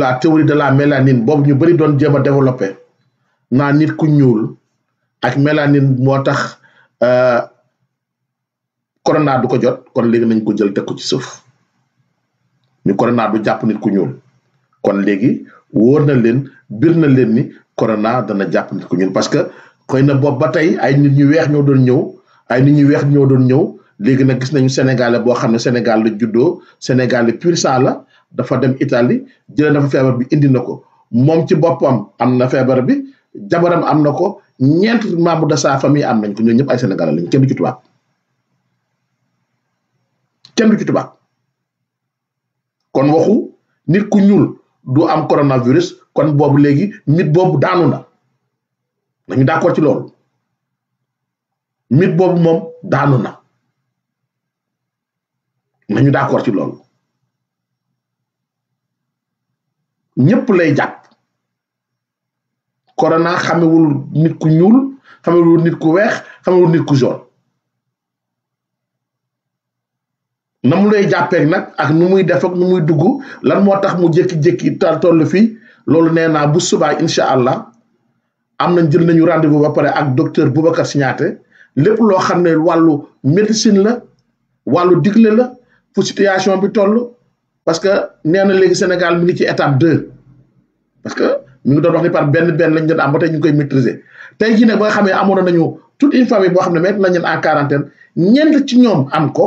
la théorie de la mélanine boobu ñu bëri doon jéem a développé naa nit ku ñuul ak mélanine moo tax euh, corona du ko jot kon léegi nañ ko jël teg ko ci suuf ñu corona du jàpp nit ku ñuul kon léegi wóor na leen bir na leen ni corona dana jàpp nit ku ñuul parce que xëy na boobu ba tey ay nit ñu weex ñoo doon ñëw ay nit ñu weex ñoo doon ñëw léegi nag gis nañu Sénégalais boo xam ne Sénégal la juddoo Sénégal pur sang la dafa dem Italie jëlee na fa feebar bi indi na ko moom ci boppam am na feebar bi jabaram am na ko ñeent membre de sa famille am nañ ko ñooñu ñëpp ay Sénégalais lañ kenn du ci tubaab kenn du ci kon waxu nit ku ñuul du am coronavirus kon boobu léegi nit boobu daanu na dañu d'accord ci loolu nit boobu moom daanu na nañu d'accord ci loolu ñëpp lay jàpp corona xamewul nit ku ñuul xamewul nit ku weex xamewul nit ku jaune na mu lay jàppeek nag ak nu muy def ak nu muy dugg lan moo tax mu jékki-jékki tal fii loolu nee naa bu subaa incha allah am nañ jël nañu rendez-vous ba pare ak docteur Boubacar Signaté lépp loo xam ne wàllu médecine la wàllu digle la fu situation bi toll parce que nee na léegi Sénégal mi ngi ci étape deux parce que mi ngi doon wax ni par benn benn lañ doon am ba ñu koy maîtriser te jii nag ba nga xam ne amoon nañu toute une famille boo xam ne mettre nañ leen en quarantaine ñeent ci ñoom am ko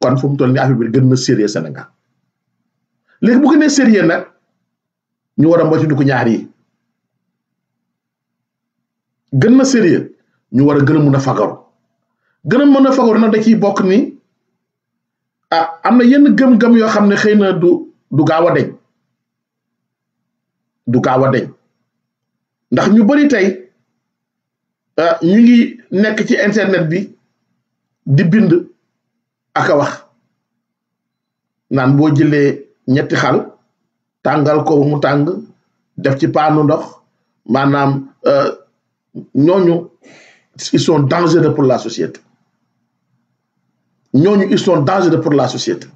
kon fu mu toll nii affaire gën na sérieux Sénégal léegi bu gënee sérieux nag ñu war a moytandiku ñaar yi gën na sérieux ñu war a gën a mun a fagaru gën a mën a fagaru na da ciy bokk ni. ah am na yenn gëm-gëm yoo xam ne xëy na du du gaaw a deñ du gaaw a deñ ndax ñu bari tey ah, ñu ngi nekk ci internet bi di bind akawax naan boo jëlee ñetti xal tàngal ko mu tàng def ci paanu ndox maanaam ah, ñooñu ils sont dangereux pour la société ñooñu ils sont dangereux pour la société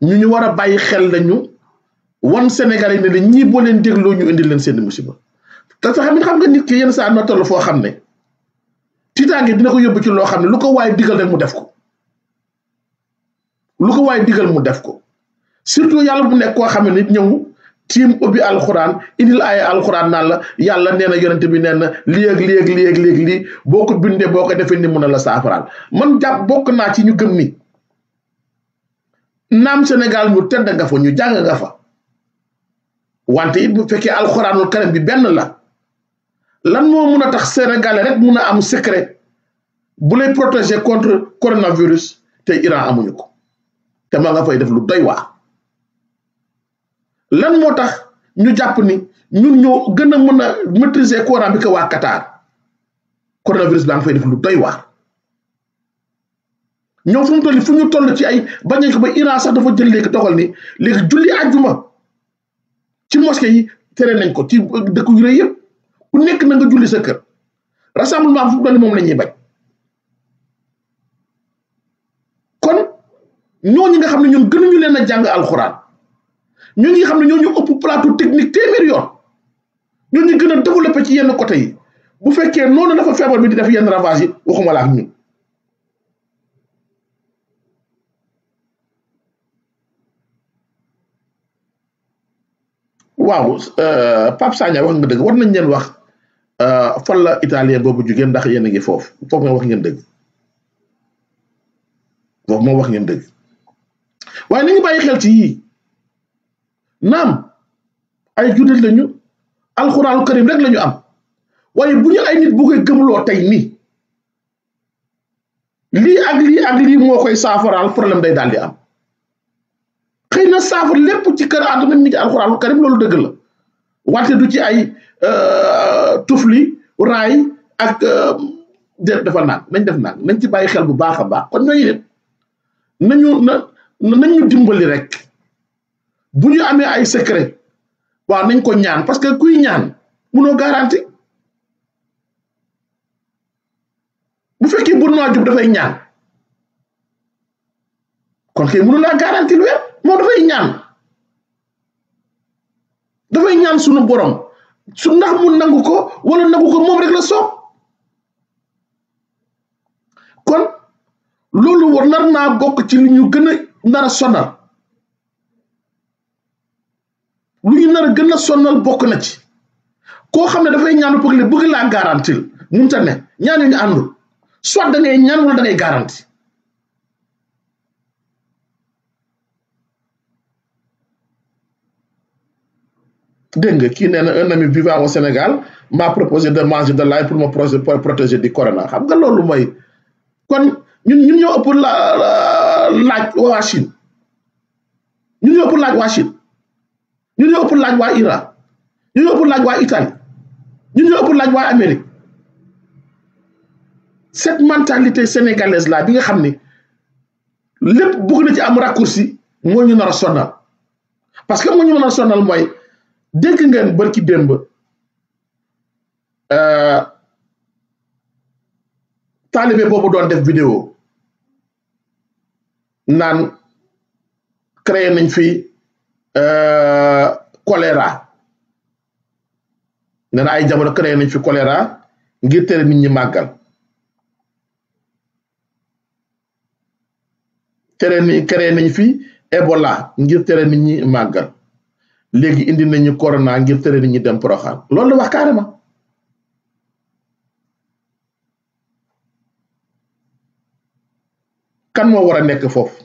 ñu ñu war a bàyyi xel lañu wan Sénégal yi ni la ñii boo leen dégloo ñu indi leen seen musiba te sax xam nga nit ki yenn saa am na toll foo xam ne tiitaange dina ko yóbbu ci loo xam ne lu ko waaye digal rek mu def ko lu ko waaye digal mu def ko surtout yàlla bu nekk koo xam ne nit ñëw tiim ubbi alxuraan indil aaya alxuraan naan la yàlla nee na yonent bi nee na léeg léeg léeg léeg lii boo ko bindee boo ko defee ni mun a la saafaraal man jàpp bokk naa ci ñu gëm ni naam Sénégal ñu tedd nga fa ñu jàng nga fa wante it bu fekkee alxuraanul karim bi benn la lan moo mun a tax sénégalais rek mun a am secret bu lay protéger contre coronavirus te Iran amuñu ko te ma nga fay def lu doy waa lan moo tax ñu jàpp ni ñun ñoo gën a mën a maîtriser courant bi que waa Qatar coronavirus baa nga fay def lu doy waar ñoom fu mu toll fu ñu toll ci ay bañ nañ ko ba Iran sax dafa jël léegi dogal ni léegi julli àjjuma ci moske yi tere nañ ko ci dëkku yu rëy yëpp ku nekk na nga julli sa kër rassemblement fu mu toll moom la ñuy bañ kon ñooñu nga xam ne ñun gënuñu leen a jàng alxuraan. ñun ñi xam ne ñoo ñu ëpp plateau technique téeméer yoon ñun ñu gën a développé ci yenn côté yi bu fekkee noonu dafa feebar bi di def yenn ravage yi waxuma laax ak ñun. waaw euh, Pape Sagna wax nga dëgg war nañ leen wax euh, fan la italien boobu jugee ndax yéen a ngi foofu foog nga wax ngeen dëgg foofu moom wax ngeen dëgg waaye nañu bàyyi xel ci naam ay jullit lañu alxuraanu karim rek lañu am waaye bu ñu ay nit bu koy gëmloo tey nii lii ak lii ak lii moo koy saafaraal lem day daal di am xëy na saafar lépp ci kër àdduna mi ngi alxuraanu karim loolu dëgg la wante du ci ay euh, tufli raay ak euh, dafa naan nañ def naan nañ ci bàyyi xel bu baax a baax kon ñooñu it nañu nañu dimbali rek bu ñu amee ay secret waaw nañ ko ñaan parce que kuy ñaan munoo garanti bu fekkee Bournois Diop dafay ñaan kon kay mënu laa garanti lu wér moo dafay ñaan dafay ñaan sunu borom su ndax mu nangu ko wala nangu ko moom rek la soob kon loolu war nar naa gokk ci lu ñu gën a nar a sonal lu ñu nar a gën a sonnal bokk na ci koo xam ne dafay ñaanu pour le bëgg laa garantil mun ta ne ñaan ñu àndul soit da ngay ñaan wala da ngay garanti dégg nga kii nee na un ami vivant au Sénégal m'a proposé de manger de l'ail pour me protéger du corona xam nga loolu mooy kon ñun ñu ñoo ëpp la laaj waa ñu ñun ñoo ëpp laaj waa ñu ñoo ëpp laaj waa Iran ñun ñoo ëpp laaj waa Italie ñun ñoo ëpp laaj waa Amérique set mentalité sénégalaise là bi nga xam ni lépp bëgg na ci am raccourci moo ñu nar a sonal parce que moo ñu mën a sonal mooy dégg ngeen barki démb euh, taalibe boobu doon def vidéo naan créé nañ fi Euh, choléra nee na ay jamono créé nañ fi choléra ngir tere nit ñi màggal tere ni créé nañ fi Ebola ngir tere nit ñi màggal léegi indi nañu corona ngir tere nit ñi dem Porokhane loolu la wax carrément kan moo war a nekk foofu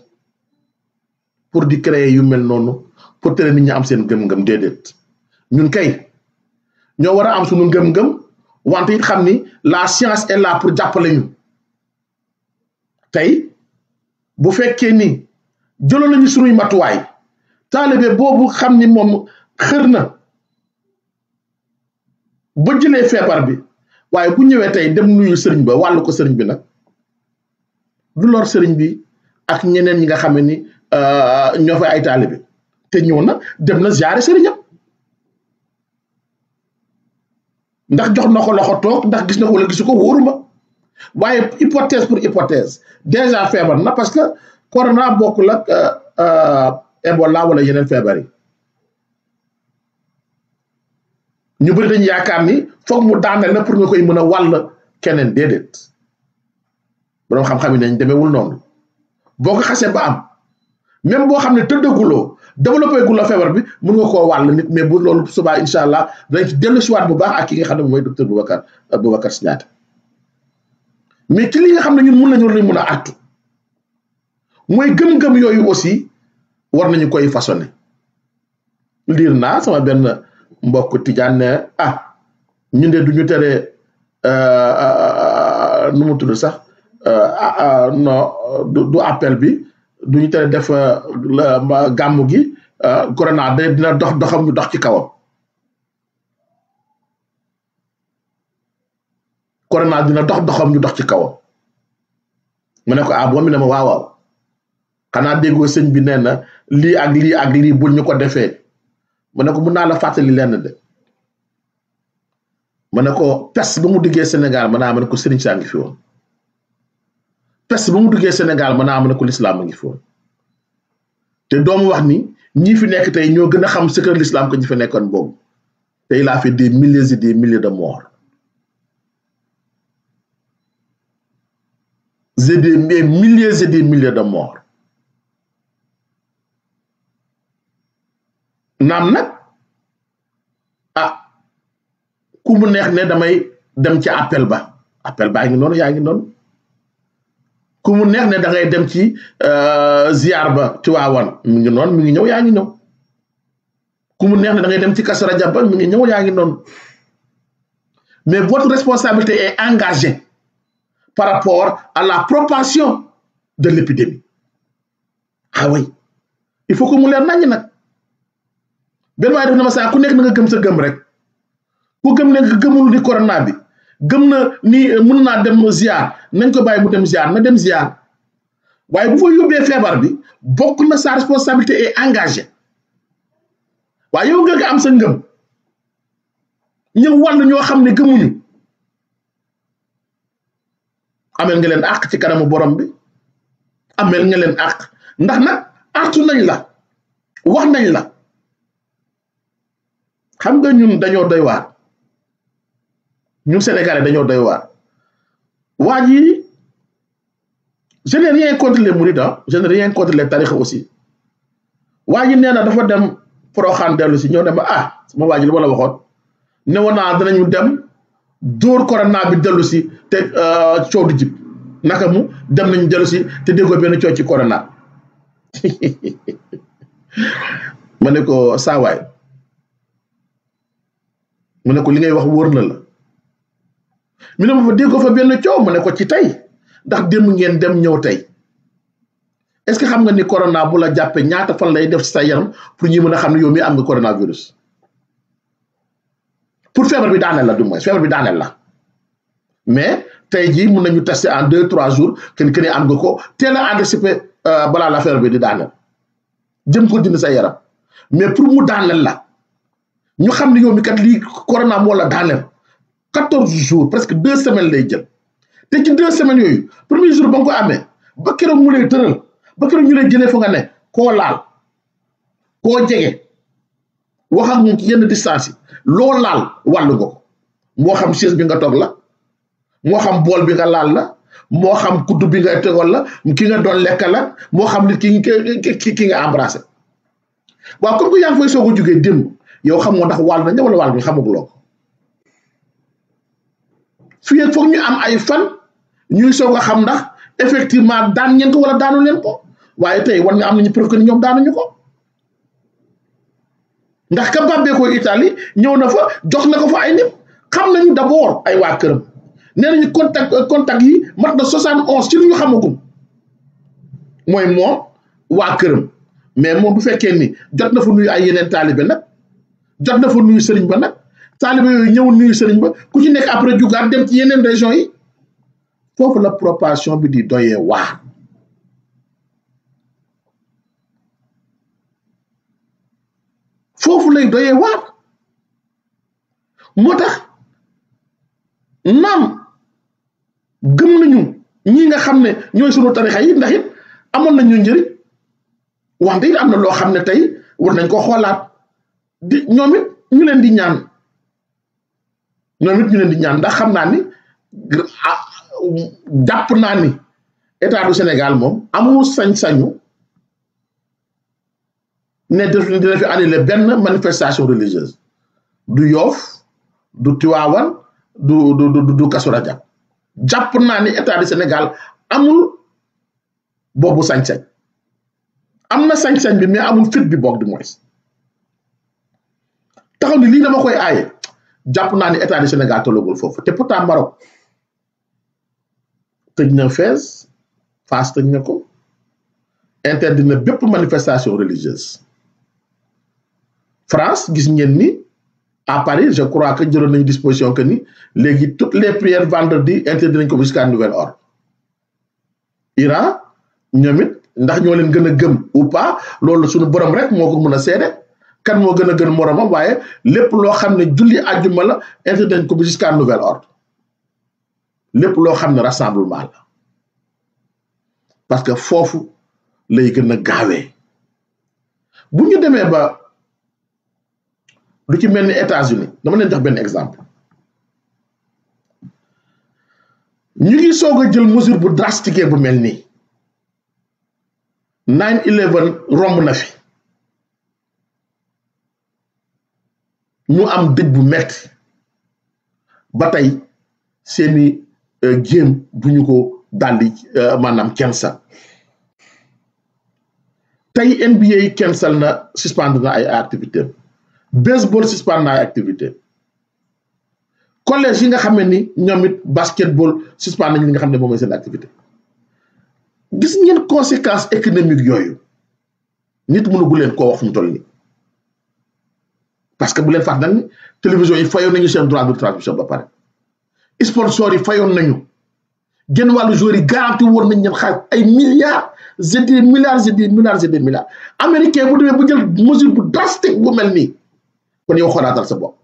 pour di créer yu mel noonu pour tere nit ñi am seen gëm-gëm déedéet ñun kay ñoo war a am suñu ngëm gëm wante it xam ni la science et là pour jàppale ñu tey bu fekkee ni jëloon nañu suñuy matuwaay taalibe boobu xam ni moom xër na ba jëlee feebar bi waaye bu ñëwee tey dem nuyu sëriñ ba wàllu ko sëriñ bi nag du lor sëriñ bi ak ñeneen ñi nga xam ni euh, ñoo fay ay taalibe te ñëw na dem na ziare sëriñam ndax jox na ko loxo toog ndax gis na ko gisu ko wóoruma waaye hypothèse pour hypothèse déjà feebar na parce que corona bokkul ak euh, euh, Ebola wala yeneen feebar yi ñu bëri dañu yaakaar ni foog mu daaneel na pour nga koy mën a wàll keneen déedéet borom xam-xam yi nañ demeewul noonu boo ko xasee ba am même boo xam ne tëddaguloo développé gu la feebar bi mun nga koo wàll nit mais bu loolu subaa incha allah danañ ci dellu siwaat bu baax ak ki nga xam ne mooy docteur Boubacar Boubacar Signaté mais ci li nga xam ne ñun mun nañu war mun a artu mooy gëm-gëm yooyu aussi war nañu koy façonné liir naa sama benn mbokk tijaan ne ah ñun de du ñu tere euh, euh, euh, nu mu tudd sax ah, non du appel bi du ñu tere def euh, gàmmu gi euh, corona da dina dox doxam ñu dox ci kawam corona dina dox doxam ñu dox ci kawam mu ne ko ah boobu mi ne ma waaw waaw xanaa déggoo sëñ bi nee na lii ak lii ak bul ñu ko defee mu ne ko mun naa la fàttali lenn de mu ne ko pes ba mu diggee Sénégal ma naa ma ne ko sëriñ saa ngi fi woon. peste ba mu duggee Sénégal mën naa am na ko lislaam a ngi foon te doomu wax ni ñii fi nekk tey ñoo gën a xam ce que l'islam que ñi fi nekkoon boobu te il a fait des milliers et des de morts c'est des milliers et des milliers de morts naam nag ah ku mu neex ne damay dem ci appel ba appel baa ngi noonu yaa ngi noonu ku mu neex na da dem ci euh, ziar ba Tiwaawan mu ngi noon mi ngi ñëw yaa ngi ñëw ku mu neex ne da dem ci Kazu Rajab ba mi ngi ñëw yaa ngi noonu mais votre responsabilité et engagée par rapport à la propation de l'épidémie ah il faut que mu leer naññ nag benn waaye def ma saa ku nekk na nga gëm sa gëm rek ku gëm ne nga gëmul ni corona bi gëm na ni euh, mun naa dem ziar nañ ko bàyyi mu dem ziar na dem ziar waaye bu fa yóbbee feebar bi bokk na sa responsabilité et engage waaye yow nga am sa ngëm ñëw wàll ñoo xam ne gëmuñu amel nga leen àq ci kanamu borom bi amel nga leen àq ndax na artu nañ la wax nañ la xam nga ñun dañoo doy ñu Sénégalais dañoo doy waar waa ji je n'ai rien contre les mourides je n'ai rien contre les tarixa aussi waa ji nee na dafa dem Porokhane dellu si ñoo dem ma ah sama waa ji lu ma la waxoon ne woon naa danañu dem dóor corona bi dellu si te euh, coow du jib naka mu dem nañu dellu si te déggoo benn coow ci corona ma ne ko saawaay ma ne ko li ngay wax wóor na la mu ne ma fa déggoo fa benn coow ma ne ko ci tey ndax démb ngeen dem ñëw tey est-ce que xam nga ni corona bu la jàppee ñaata fan lay def si sa yaram pour ñi mën a xam ne yow mii am nga coronavirus pour feebar bi daaneel la du moins feebar bi daaneel la mais tey jii mun nañu tester en deux trois jours kenn kenn am nga ko teel a anticiper euh, balaa la feebar bi di daaneel jëm ko dindi sa yaram mais pour mu daaneel la ñu xam ne yow mi kat lii corona moo la daaneel quatorze jours presque deux semaines lay jël te ci deux semaines yooyu premier jour ba nga ko amee ba keroog mu lay ba keroog ñu lay jëlee fa nga ne koo laal koo jege wax ak moom ci yenn distance yi loo laal wàllu ko moo xam chaise bi nga toog la moo xam bool bi nga laal la moo xam kuddu bi nga tegoon la ki nga doon lekk la moo xam nit ki ki ki nga embrassé waaw comme que yaa ngi fay soog a jugee démb yow xam nga ndax wàll na la wala wàll bi xamaguloo ko fii ak foog ñu am ay fan ñuy soog xam ndax effectivement daan ngeen ko wala daanu leen ko waaye tey war nga am nañu preuve que ni ñoom daanuñu ko ndax ka bàbbeekoo Italie ñëw na fa jox na ko fa ay nit xam nañu d'abord ay waa këram nee nañu contact euh, contact yi mat na soixante onze ci lu ñu xamagum mooy moom waa këram mais moom bu fekkee ni jot na fa nuyu ay yeneen taali taalibe nag jot na fa nuyu sëriñ ba nag taalibe yooyu ñëw nuyu sëriñ ba ku ci nekk après jugaat dem ci yeneen région yi foofu la propation bi di doyee waa foofu lay doyee waar moo tax naam gëm nañu ñi nga xam ne ñooy sunu tarixa yi ndax amoon nañu njëriñ wante it am na loo xam ne tey war nañ ko xoolaat di ñoom ñu leen di ñaan ñoom it ñu leen di ñaan ndax xam naa ni jàpp naa ni état du Sénégal moom amul sañ-sañu ne dina fi annulé benn manifestation religieuse du Yoff du Tiwaawan du du du du Kazu jàpp naa ni état du Sénégal amul boobu sañ-sañ am na sañ-sañ bi mais amul fit bi boog du moins taxaw ni lii dama koy aaye jàpp naa ni état du Sénégal tollagul foofu te pourtant Maroc tëj na Fès Fass tëj na ko interdit na bépp manifestation religieuse France gis ngeen ni à Paris je crois que jëloon nañu disposition que ni léegi toutes les prières vendredi interdit nañ ko jusqu'à nouvel ordre Iran ñoom it ndax ñoo leen gën a gëm ou pas loolu suñu borom rek moo ko mun a seede kan moo gën a gën moromam waaye lépp loo xam ne julli àjjuma la interdit nañ ko bi ordre lépp loo xam ne rassemblement la parce que foofu lay gën a gaawee bu ñu demee ba lu ci mel ni États-Unis dama leen jox benn exemple ñu ngi soog a jël mesure bu drastique bu mel nii nine eleven romb na fi mu am dëj bu metti ba tey seeni euh, jéem bu ñu ko daldi euh, maanaam cancel tey NBA cancel na suspendre na ay activité baseball suspendre na ay activité collège yi nga xam ne ni ñoom it basketball suspendre nañ li nga xam ne moom mooy seen activité gis ngeen conséquence économiques yooyu nit mënu gu leen ko wax fu mu toll nii parce que bu leen fàttali ne télévision yi fayoon nañu seen droit de transmission ba pare sponsor yi fayoon nañu genn wàllu joueur yi garanti woon nañ ñeen xaalis ay milliards c'est des milliards c'est des milliards c'est des américain bu demee bu jël mesure bu drastique bu mel nii kon yow xoolaatal sa bopp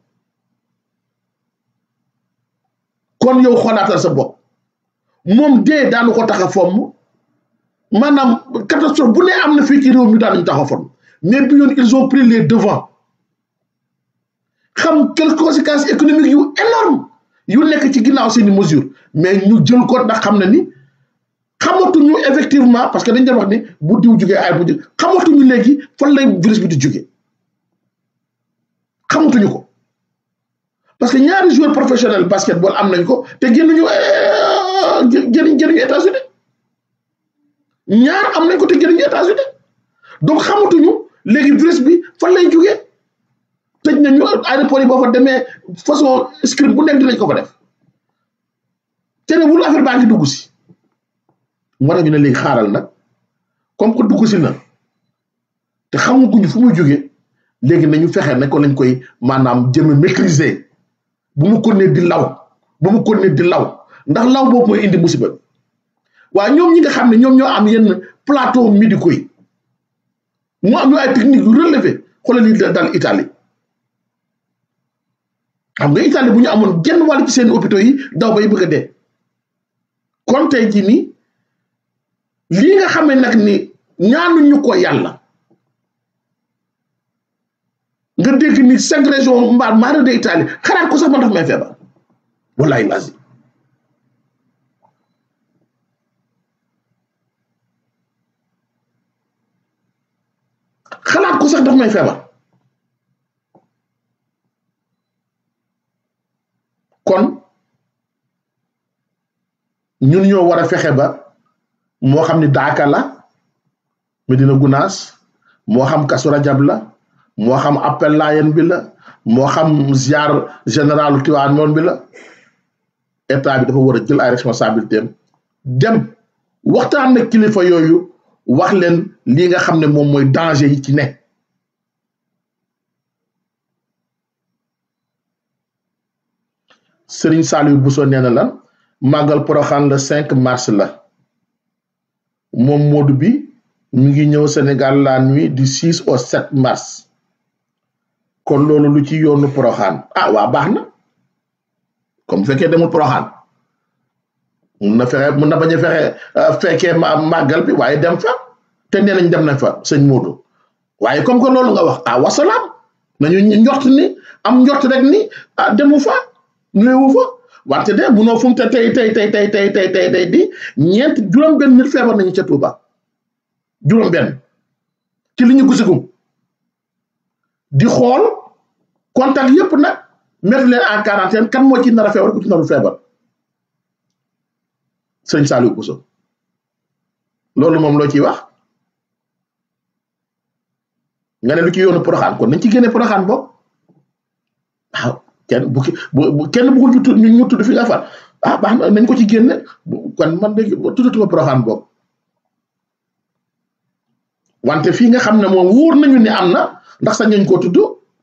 kon yow xoolaatal sa bopp moom dee daanu ko tax a fomm maanaam catastrophe bu ne am na fii ci réew mi daanuñu tax a fomm mais bi yoon ils ont pris les devants xam quelles conséquences économique yu énorme yu nekk ci ginnaaw seeni mesure mais ñu jël ko ndax xam na ni xamatuñu effectivement parce que dañ doon ni bu diw jógee ay bu jóge xamatuñu léegi fan lay virus bi di jóge xamatuñu ko parce que ñaari joueur professionnel basketball am nañ ko te génnuñu jëriñ euh, jëriñu États-Unis ñaar am nañ ko te génnuñu États-Unis donc xamatuñu léegi virus bi fan lay jógee bañ na ñu aéroport yi boo fa demee façon script bu nekk dinañ ko fa def terewul affaire baa ngi dugg si moo tax ñu ne léegi xaaral nag comme que dugg si na te xamaguñu fu muy jógee léegi nañu fexe ne ko lañ koy maanaam jëme maîtriser bu mu konnee di law bu mu konnee di law ndax law boobu mooy indi musiba waaye ñoom ñi nga xam ne ñoom ñoo am yenn plateau médicaux yi mu am ñu ay technique yu relevé xoolal li dal Italie xam nga Italie bu ñu amoon genn wàll ci seen hôpitaux yi daw bay bëgg a dee kon tey jii nii lii nga xam ne nag ni ñaanuñu ko yàlla nga dégg ni cinq régions mbaar maara de Italie xalaat ko sax man dafa may feebar wallaay laasi xalaat ko sax dafa may feebar kon ñun ñoo war a fexe ba moo xam ni daaka la Medina Gunaas moo xam Kasu Rajab la moo xam appel laayen bi la moo xam ziar général Tiwaan moom bi la état bi dafa war a jël ay responsabilité am waxtaan na kilifa yooyu wax leen lii nga xam ne moom mooy danger yi ci ne Serigne Saliou Bousso nee na la màggal Porokhane le mars la moom Modou bi mu ngi ñëw Sénégal la nuit du 6 au 7 mars kon loolu lu ci yoonu poroxaan ah waa baax na comme fekkee demul Porokhane mun na fexe mun na bañ a fexe euh, fekkee ma màggal bi waaye dem fa te nee nañ dem nañ fa sëñ Modou waaye comme que loolu nga wax ah wasalaam nañu njort ni am njort rek ni ah demu fa. ñëwu fa wante de munoo fu te tey tey tey tey tey tey tey tey di ñeent juróom-benn nit feebar nañu ca Touba juróom-benn ci li ñu gusigum di xool contact yépp nag mettre leen en quarantaine kan moo ci nar a feebar ku ci narul sëñ Saliou Bousso loolu moom loo ciy wax nga ne lu ci yoonu Poroxaan kon nañ ci génne Poroxaan bo waaw kenn bu bu kenn bëggul ñu tudd ñu tudd fi nga faat ah baax na nañ ko ci génne kon man léegi tuddatuma Porokhane boobu wante fii nga xam ne moom wóor nañu ne am na ndax sañ nañ koo tudd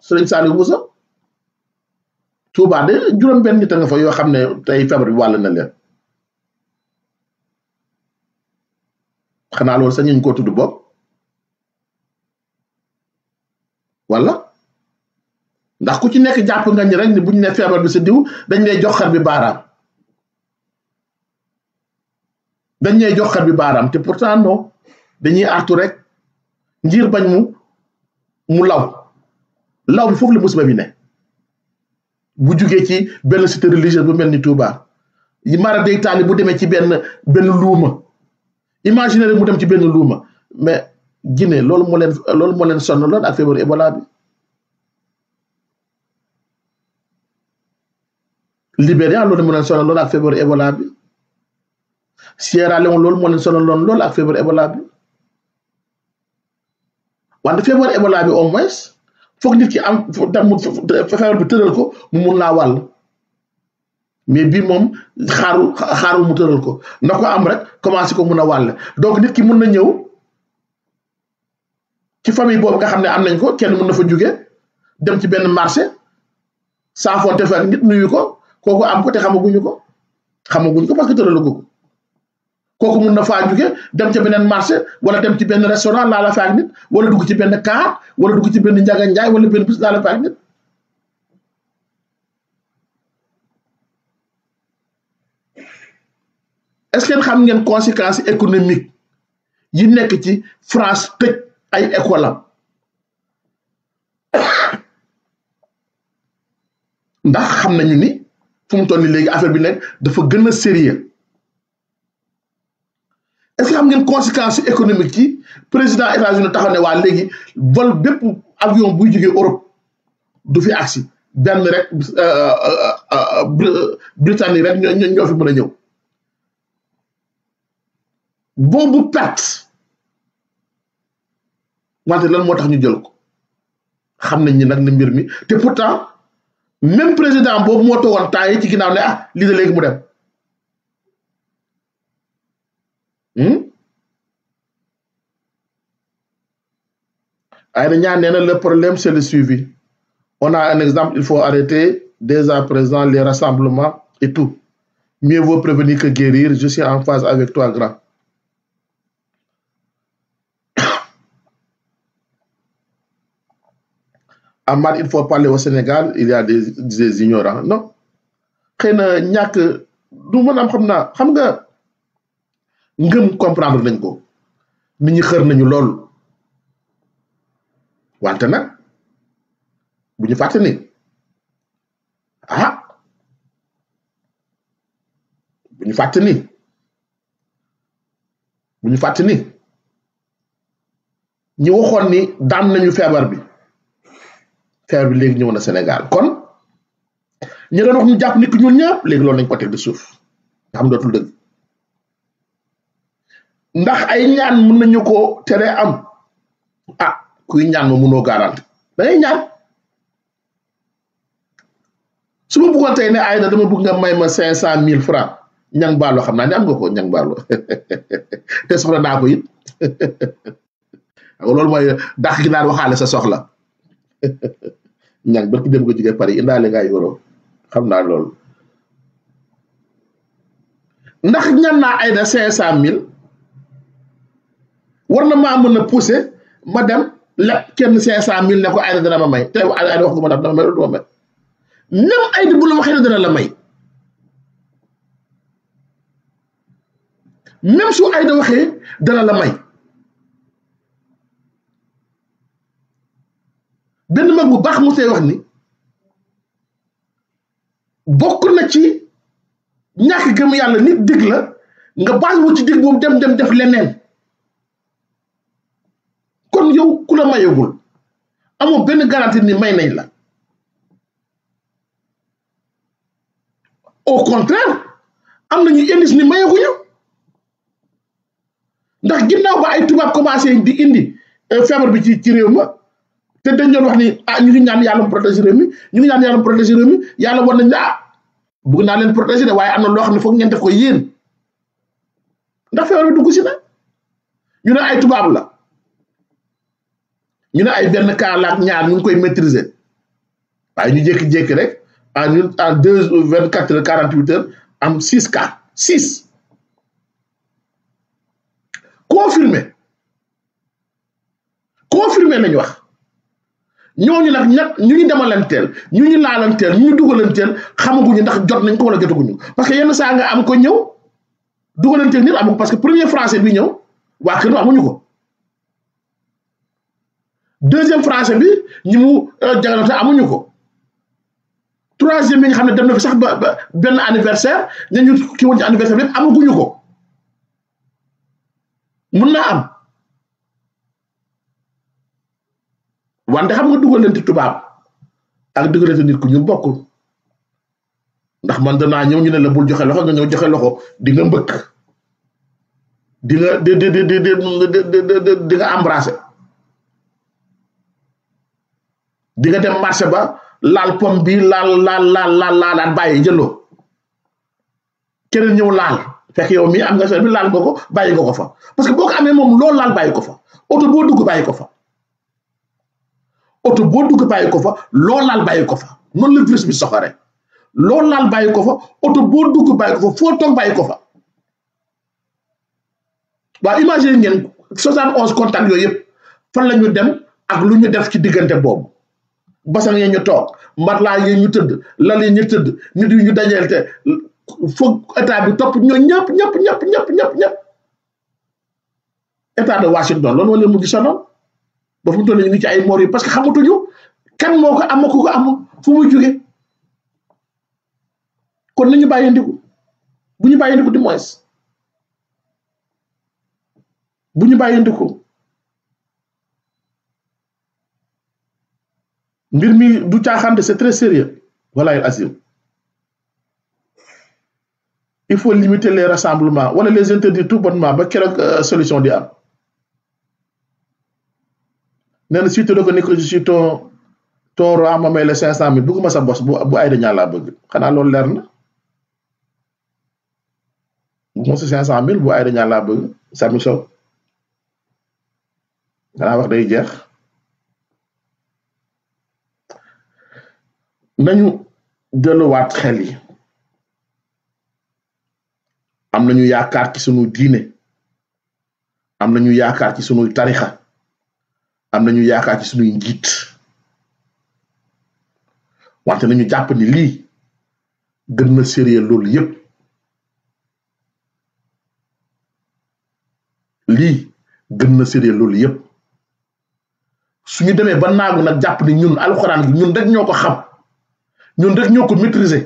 sëriñ Saliou Moussa Touba de juróom-benn nit a yoo xam ne tey feebar bi wàll na xanaa loolu sañ nañ koo tudd boobu wala. ndax ku ci nekk jàpp nga ni rek ni buñ ne feebar bi si diw dañ lay jox xar bi baaraam dañ lay jox xar bi baaraam te pourtant non dañuy artu rek ngir bañ mu mu law law bi foofu la musiba bi ne bu jugee ci benn cité religieuse bu mel ni Touba mara day taani bu demee ci benn benn luuma imaginer mu dem ci benn luuma mais Guinée loolu moo leen loolu moo leen sonn lool ak feebaru Ebola Libéria loolu moo leen sonal lool ak feebaru Ebola bi Sierra Leone loolu moo leen lool ak feebaru Ebola bi wante feebaru Ebola bi au moins foog nit ki am feebar bi tëral ko mu mun laa wàll mais bii moom xaaru xaaru mu tëral ko na am rek commencé ko mun a wàll donc nit ki mun na ñëw ci famille boobu ka xam ne am nañ ko kenn mun na fa jóge dem ci benn marché saafonte fa nit nuyu ko kooku am ko te xamaguñu ko xamaguñu ko parce que tëralugu ko kooku mun na faa jóge dem ci beneen marché wala dem ci benn restaurant laa la fa ak nit wala dugg ci benn kaar wala dugg ci benn njaga njaay wala benn bis laa la fa nit est-ce que xam ngeen conséquence économiques yi nekk ci France tëj ay école am ndax xam na ni fu mu nii léegi affaire bi nekk dafa gën a sérieux est-ce que xam ngeen conséquence économique yi président États-Unis taxaw ne waa léegi vol bépp avion bu jógee Europe du fi agsi benn rek euh, euh, euh, Britannique rek ñoo ñoo fi mën a ñëw boobu perte wante lan moo tax ñu jël ko xam nañ ni nag ne mbir mi te pourtant même président boobu moo toogoon temps yi ci ginnaaw ne ah lii de léegi mu dem hmm? ay na ñaan nee na le problème c'est le suivi on a un exemple il faut arrêter dès à présent les rassemblements et tout mieux vaut prévenir que guérir je en phase avec toi grand Amar il faut parler au Sénégal il y a des des ignorants non xëy na ñàkk du mën xam na xam nga ngëm comprendre nañ ko nit ñi xër nañu lool wante nag bu ñu fàtte ni ah bu ñu fàtte bu ñu fàtte ñi waxoon ni daan nañu feebar bi. feer bi léegi ñëw na Sénégal kon ñu doon wax ñu jàpp nit ki ñun ñëpp léegi loolu suuf xam dootul dëgg ay ñaan nañu ko tere am a ah, kuy ñaan ma mënoo garanti da ngay ñaan su ma bëggoon tey ay na dama bëgg nga may ma cinq cent mille francs ñang baaloo xam naa ne am nga ko ñang baaloo te soxla naa ko it loolu mooy dax gi naan waxaale sa soxla ñang ba ki dem ko jóge Paris indaale nga ay euro xam naa lool ndax ñan naa ay na cinq cent mille war na maa na a pousser ma dem lépp kenn cinq cent mille ne ko ay na dana ma may te ay na wax may loolu ay bu la waxee ne dana may même su ay da waxee dana la may benn mag bu baax mu see wax ni bokk na ci ñàkk gëm yàlla nit dégg la nga baal wu ci dig boobu dem dem def leneen kon yow ku la mayagul amoo benn garantie ni may nañ la au contraire am na ñu indi ni mayaguñu ndax ginnaaw ba ay tubaab commencé bi indi euh, feebar bi ci ci réew ma te dañ doon wax ni ah ñu ngi ñaan yàlla mu protéger réew mi ñu ngi ñaan yàlla mu protéger mi yàlla war nañ ah bugg naa leen protéger de waaye am na loo xam ne foog ngeen def ko ndax feebar bi dugg si na ñu ne ay tubaab la ñu ne ay benn cas la ak ñaar ñu ngi koy maîtriser waaye ñu jékki-jékki rek en une en deux ou vingt quatre heures quarante huit am six cas six confirmé confirmé lañu wax. ñooñu nag ñett ñu ñu demalanteel ñu ñu laalanteel ñu ñu dugalanteel xamaguñu ndax jot nañ ko wala jotaguñu parce que yenn saa nga am ko ñëw dugalanteel nit amu ko parce que premier français bi ñëw waa amuñu ko deuxième français bi ñi mu euh, jagalante amuñu ko troisième bi nga xam ne dem na fi sax ba ba benn anniversaire ña ñu ki woon ci anniversaire bi yëpp amaguñu ko mun naa am wante xam nga dugalante tubaab ak dugalante nit ku ñu bokkul ndax man danaa ñëw ñu ne la bul joxe loxo nga ñëw joxe loxo di nga mbëkk di nga di di di di di di nga embrasser di nga dem marché ba laal pomme bi laal laal laal laal laalaat bàyyi jëloo keneen ñëw laal fekk yow mii am nga seen bi laal nga ko bàyyi nga ko fa parce que boo ko amee moom loolu laal bàyyi ko fa oto boo dugg bàyyi ko fa. oto boo dugg bàyyi ko fa loo laal bàyyi ko fa noonu la virus bi soxore loo laal bàyyi ko fa oto boo dugg bàyyi ko fa foo toog bàyyi ko fa waa imagine ngeen soixante onze contact yooyu yëpp fan lañu dem ak lu ñu def ci diggante boobu basan yi ñu toog laa yi ñu tëdd lal ñu tëdd nit yi ñu dajeel te foog état bi topp ñu ñëpp ñëpp ñëpp ñëpp ñëpp ñëpp état de Washington loolu wala mu gisoon ba fu mu toll ñu ngi ci ay parce que xamatuñu kan moo ko am am fu muy jóge kon nañu bàyyi ndiku bu ñu bàyyi ndiku di moins bu ñu bàyyi ndiku mbir mi du caaxaan c'est très sérieux wallaahi azim il faut limiter les rassemblements wala les interdire tout bonnement ba keroog euh, solution di am nee na surtout que ni ko je suis ton ton roi ma may cinq cent mille bëgguma sa bos bu bu ay dañaa laa bëgg xanaa loolu leer na bëgguma cinq cent mille bu ay dañaa laa bëgg Samy Sow day jeex nañu delluwaat xel yi am nañu yaakaar ci sunu diine am nañu yaakaar ci sunuy tarixa am nañu yaakaar ci suñuy njiit wante nañu jàpp ni lii gën na sérieux loolu yépp lii gën na sérieux loolu yépp suñu demee ba naagu nag jàpp ni ñun alxuraan gi ñun rek ñoo ko xam ñun rek ñoo ko maîtriser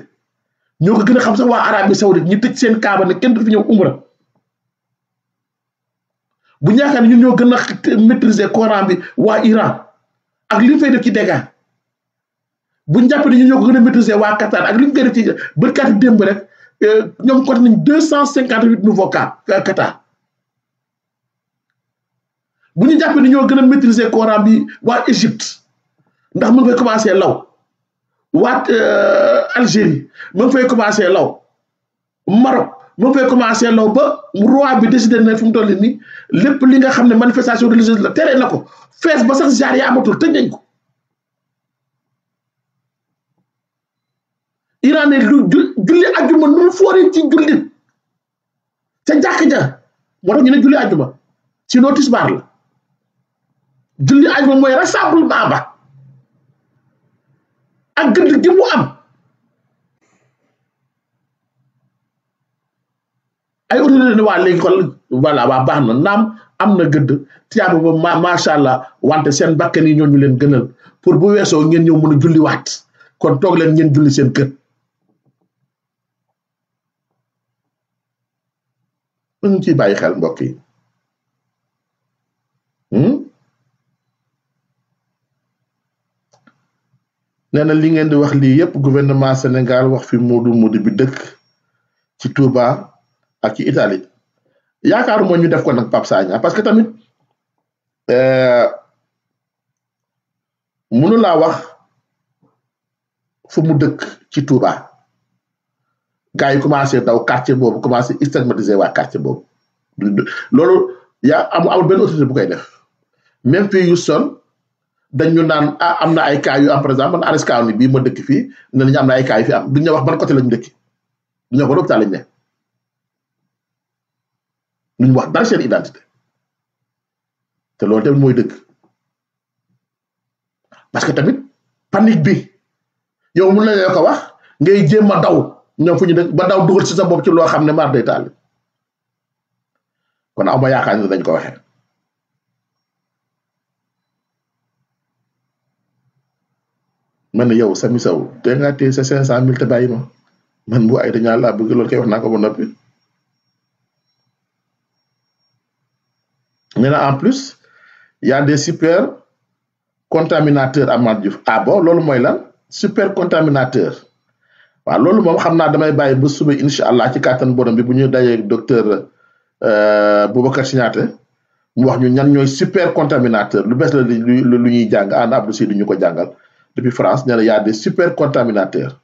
ñoo ko gën a xam sax waa Arabie Saoudite ñu tëj seen kaaba ne kenn du fi ñëw bu ñu yaakaar ne ñoo gën a maîtriser Coran bi waa Iran ak li ñu def ci dégâts bu ñu jàpp ne ñun ñoo ko waa Qatar ak li ñu fay def ci bërkaati démb rek euh, ñoom kot nañ deux cent cinquante huit nouveaux cas euh, Qatar bu ñu jàpp ne ñoo gën a maîtriser Coran bi waa Égypte ndax mu ngi fay commencé law waa euh, Algérie mu ngi fay commencé law Maroc moo fay commencé law ba roi bi décidé na fi mu toll nii lépp li nga xam ne manifestation religieuse la tere na ko fees ba sax jaar yi amatul tëj nañ ko. Iran ne lu julli ajuma nu foo fooree ci jullit ca jàkk ñu ne julli ajuma ci notice bar la julli ajuma mooy rassemblement ba ak gëdd gi am. ay autorité ne waa léegi kon voilà wa baax na naam am na gëdd tiyaaba ba ma macha allah wante seen bakkan yi ñoo ñu leen gënal pour bu weesoo ngeen ñëw mën a julli waat kon toog leen ngeen julli seen kër. ñu ci bàyyi xel mbokk yi hmm? nee na li ngeen di wax lii yëpp gouvernement Sénégal wax fi Moodu Moodu bi dëkk ci tuuba ak ci Italie yaakaaruma ñu def ko nag Pape Sagna parce que tamit euh, mënu laa wax fu mu dëkk ci Touba gars yi commencé daw quartier boobu commencé stigmatiser waa quartier boobu loolu yaa am amul benn autorité bu koy def même fii yu son dañu naan ah am na ay cas yu am par exemple man Aris ni bii ma dëkk fii ne nañu am na ay cas yu fi am duñu wax ban côté lañu dëkk duñu wax ban hôpital lañu ne duñ wax dara seen identité te lool tamit mooy dëgg parce que tamit panique bi yow mun nañoo ko wax ngay jéem a daw ñoom fu ñu dëkk ba daw dugal sa bopp ci loo xam ne maar day taal a aw ma yaakaar ne dañ ko waxee. man ne yow Samy Sow te nga téye sa cinq cent mille te bàyyi ma man boo ay dañaa laa bëgg loolu kay wax naa ko ba noppi. nee na en plus il y a des super contaminateurs Amath Diouf ah bon loolu mooy lan super contaminateur waaw loolu moom xam naa damay bàyyi ba suba incha allah ci kàttan borom bi bu ñu dajee docteur euh, Boubacar Signaté mu wax ñu ñan ñooy super contaminateur lu bees la lu lu ñuy jàng ànd Abdou Sidi ñu ko jàngal depuis France nee na a super contaminateurs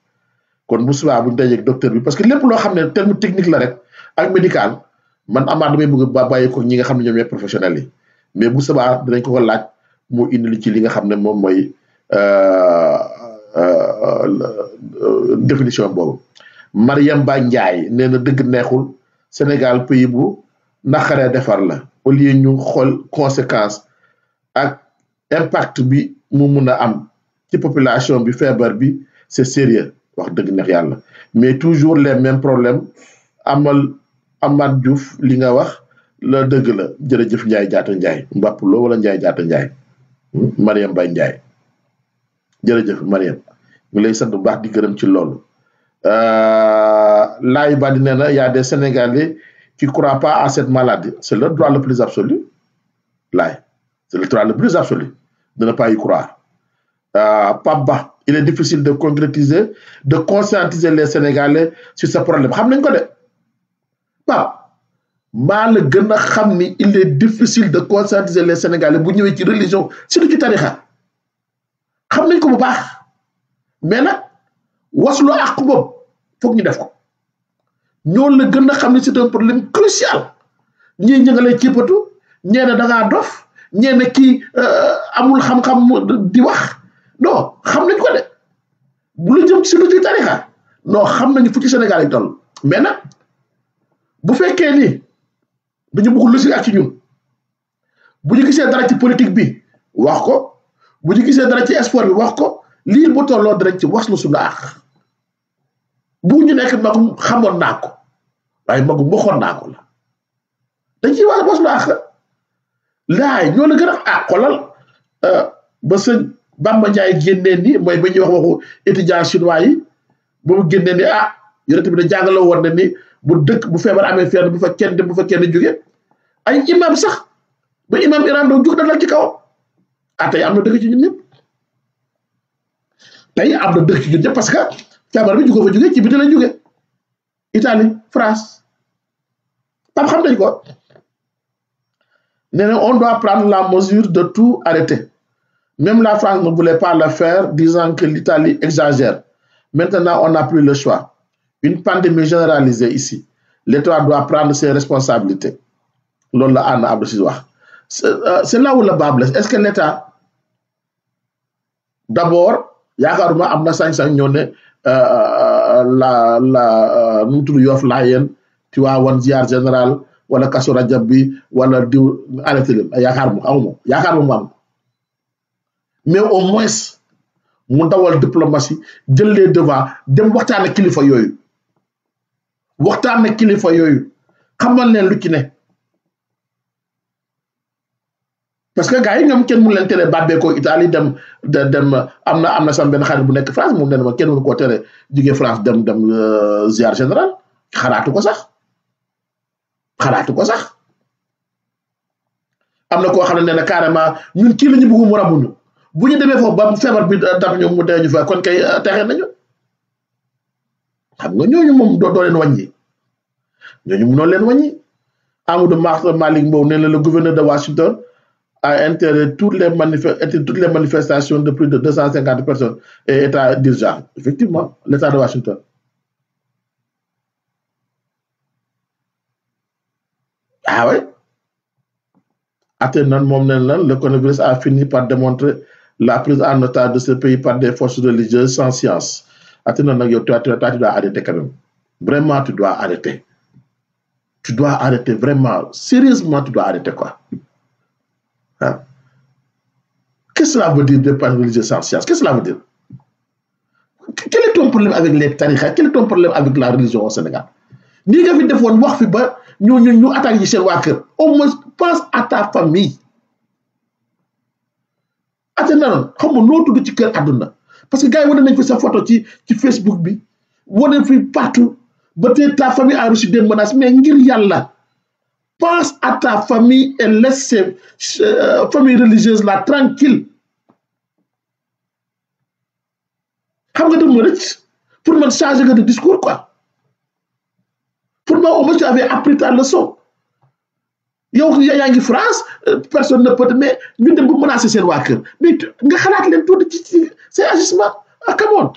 kon bu subaa bu ñu dajee docteur bi parce que lépp loo xam ne terme technique la rek ak médical man amaat damay bëgg ba bàyyi ko ñi nga xam ne ñoom ñooy professionnels yi mais bu sabaa dinañ ko ko laaj mu indil ci li nga xam ne moom mooy euh, euh, euh, définition boobu. Mariam Ba Ndiaye nee na dëgg neexul Sénégal pays bu naqaree defar la au lieu ñu xool conséquence ak impact bi mu mun a am ci population bi feebar bi c'est sérieux wax dëgg neex yàlla mais toujours les mêmes problèmes amal. Amath Diouf li nga wax la dëgg la jërëjëf njaay jaata Ndiaye mbàpp loo wala Ndiaye jaata Ndiaye Mariam Baye Ndiaye jërëjëf Mariam ñu lay sant bu baax di gërëm ci loolu euh, laay ba di nee na y a des Sénégalais qui croient pas à cette maladie c'est le droit le plus absolu laay c'est le droit le plus absolu de pas y croire euh, Pape Ba il est difficile de concrétiser de conscientiser les Sénégalais sur ce problème xam nañ ko de Pape maa la gën a xam ni il est difficile de conscientiser les Sénégalais bu ñëwee ci religion surtout ci tarixa xam nañ ko bu baax mais nag waslu àq boobu foog ñu def ko ñoo la gën a xam ni c'est un problème crucial ñii ñu nga lay cippatu ñee ne da dof ñee ne kii euh, amul xam-xam di wax xam nañ ko de bu lu jëm surtout ci tarixa non xam nañu fu ci Sénégal yi toll bu fekkee ni dañu bëgg lu si ak ci ñun bu ñu gisee dara ci politique bi wax ko bu ñu gisee dara ci sport bi wax ko lii bu tolloo dara ci waslu suñu àq bu ñu nekk magum xamoon naa ko waaye magum waxoon naa la dañ ciy wax waslu àq laay ñoo la gën a ah xoolal euh, ba sëñ Bamba Ndiaye génnee ni mooy ba ñuy wax waxu étudiant chinois yi ba mu génnee ni ah yonent bi da jàngale woon ni bu dëkk bu feebar amee fenn bu fa kenn dem bu fa kenn jóge ay imam sax ba imam Iran doo jug da dal ci kawam a ah tey am na dëkk ci ñun ñëpp am na dëkk ci ñun ñëpp parce que feebar bi jugoo fa jóge ci biti la jóge Italie France pap xam nañ ko nee on doit prendre la mesure de tout arrêter même la France ne voulait pas le faire disant que l'Italie exagère maintenant on n'a plus le choix une pandémie généralisée ici l'État doit prendre ses responsabilités loolu la Anna Abdou Ciss wax euh, c'est là où le bât est-ce que l'État d'abord yaakaaruma am na sañ-sañ ñëw ne euh, euh, la la nu mu tudd Yoff Layeen ci général wala Kazu Rajab bi wala diw arrêté a yaakaar mu amuma yaakaar mais au moins mu dawal diplomatie jël les devants dem waxtaan ak kilifa yooyu waxtaan ak kilifa yooyu xam xamal leen lu ci ne parce que gars yi ñoom kenn mun leen tere bàbbee ko Italie dem dem am na am na sam benn xarit bu nekk France moom nee na ma kenn mënu koo tere jóge France dem dem euh, ziar général xalaatu ko sax xalaatu ko sax am na koo xam ne nee na carrément ñun kii la ñu bëgg mu rabuñu bu ñu demee foofu ba feebar bi dab ñu mu dee ñu fa kon kay euh, texe nañu xam nga ñooñu moom doo doo leen wàññi ñooñu mënoo leen wàññi Amadou Mahtar Malick Mbow nee na le gouverneur de Washington a interdit toutes les manifestations toutes les manifestations de plus de deux cent cinquante personnes et état d'urgence effectivement l'état de Washington ah oui Athènes moom nee na le coronavirus a fini par démontrer la prise en otage de ce pays par des forces religieuses sans science Athéna nag yow toi tu dois arrêter quand vraiment tu dois arrêter tu dois arrêter vraiment sérieusement tu dois arrêter quoi ah qu'est-ce que cela veut dire de parler sans science que cela veut dire quel ton problème avec les tarixa quel ton problème avec la religion au Sénégal nii nga defoon wax fi ba ñu ñu ñu attaque yi seen waa kër au moins pense à ta famille Athéna noonu xam nga noo tudd ci kër àdduna parce que gars yi wane nañ fi sa photo ci ci Facebook bi wane fi partout ba tey ta famille a reçu des menaces mais ngir yàlla pense à ta famille et laisse ces euh, famille religieuse là tranquille xam nga dem ma rëcc pour man changer nga de discours quoi pour ma au moins tu avais appris ta leçon yow yaa ngi France euh, personne ne peut mais ñu dem bu menacer seen waa kër mais nga xalaat leen tuuti ci ci seen agissement ak ah, amoon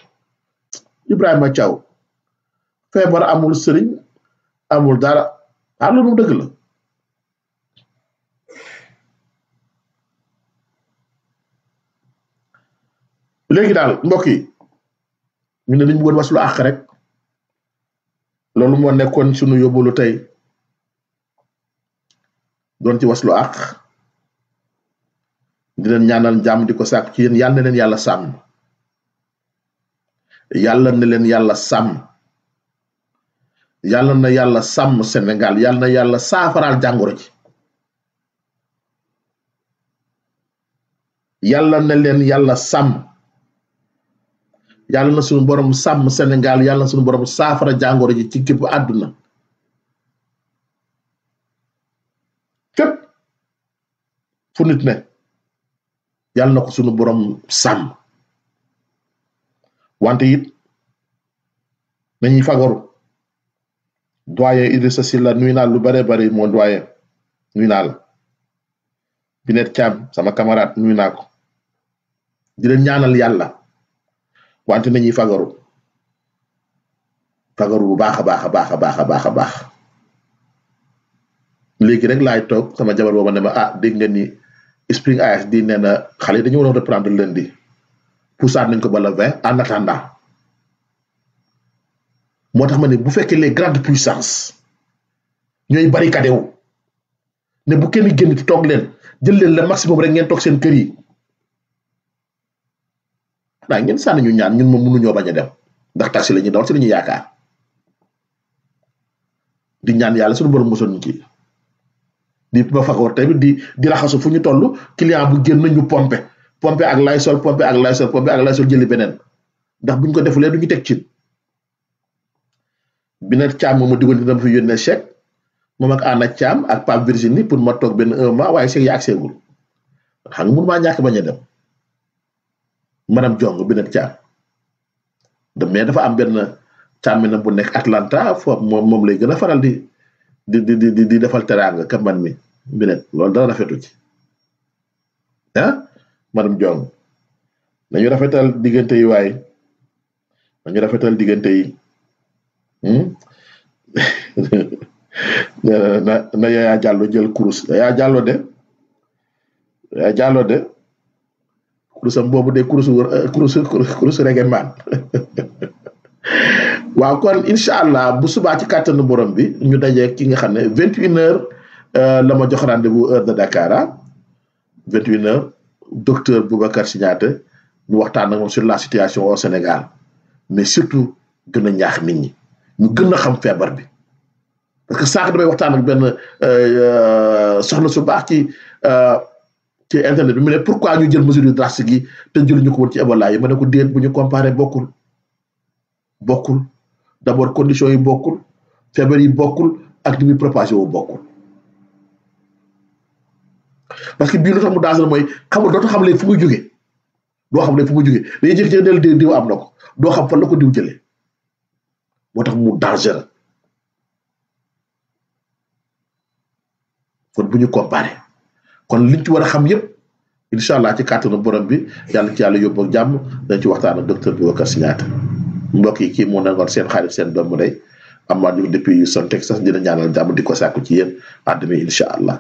Ibrahima Thiaw feebar amul sëriñ amul dara ah loolu dëgg la. léegi daal mbokk yi ne li ñu bëggoon wax lu àq rek loolu moo nekkoon sunu yóbbalu tey. doon ci waslu di leen ñaanal jàmm di ko sàkku ci yéen yàlla na leen yàlla sàmm yàlla na leen yàlla sàmm yàlla na yàlla sàmm Sénégal yàlla na yàlla saafaraal jàngoro ji yàlla na leen yàlla sàmm yàlla na suñu borom sàmm Sénégal yàlla na suñu borom saafara jàngoro ji ci képp àdduna fu ne yàlla na ko sunu borom sàmm wante it nañuy fagaru doyen Idrissa Sylla nuy naa lu bare bare moo doyen nuy naa la Binet Thiam sama camarade nuy naa ko di leen ñaanal yàlla wante nañuy fagaru fagaru bu baax a baax a baax a baax a baax a baax léegi rek laay toog sama jabar booba ne ma ah dégg nga ni Spring ASD nee na xale yi dañu waroon reprendre lundi poussaat nañ ko ba le vingt en attendant moo tax ma ne bu fekkee les grandes puissances ñooy barricadé wu ne bu kenn génn toog leen jël leen le maximum rek ngeen toog seen kër yi xanaa ngeen sànni ñu ñaan ñun moom mënuñoo bañ a dem ndax taxi si ñuy daw si la ñuy yaakaar di ñaan yàlla suñu borom mosoon ñu ci di ba fakoor tamit di di raxasu fu ñu toll client bu génn ñu pompe pompe ak Lysol pompe ak Lysol pompe ak Lysol jëli beneen ndax buñ ko defulee du ñu teg cin bi na caam moom ma digoon dina ma fi ne chèque moom ak Anna caam ak Pape Virginie pour ma toog benn un mois waaye chèque yi accès gul xam nga mun maa ñàkk bañ dem manam jong bi na caam mais dafa am benn càmminam bu nekk Atlanta foofu moom moom lay gën a faral di di di di di defal teraanga kamban mi bi nekk loolu dara rafetu ci ah madame Diong nañu rafetal diggante yi waay nañu rafetal diggante yi hmm? na na Yaya Diallo jël kurus Yaya Diallo de Yaya Diallo de boobu de kurusu kurusu kurusu rege maan waaw kon incha allah bu subaa ci kàttanu borom bi ñu dajee ki nga xam ne vingt une heures euh, la ma jox rendez-vous heure de Dakar ah vingt une heures docteur Boubacar Signaté ñu waxtaan ak sur la situation au Sénégal mais surtout gën a ñaax nit ñi ñu gën a xam feebar bi parce que sànq damay waxtaan ak benn euh, soxna su baax ci euh, ci internet bi mu ne pourquoi ñu jël mesure yu drastique yi te jëluñu ko woon ci Ebola yi ma ne ko déet bu ñu comparé bokkul bokkul. d'abord conditions yi bokkul feebar yi bokkul ak di muy propagé wu bokkul parce que bii lu tax mu danger mooy xamul dootu xam leen fu muy jógee doo xam leen fu muy jógee dañuy jékki-jékki del diw diw am na ko doo xam fan la ko diw jëlee moo tax mu dangereux kon bu ñu comparé kon liñ ci war a xam yépp incha allah ci kàttanu borom bi yàlla ci yàlla yóbbu ak jàmm dañ ci waxtaan ak bi Boubacar Signaté mbokk yi kii na nekkoon seen xarit seen doomu day Amath Diouf depuis son Texas dina ñaan jàmm di ko sàkku ci yéen àddina incha allah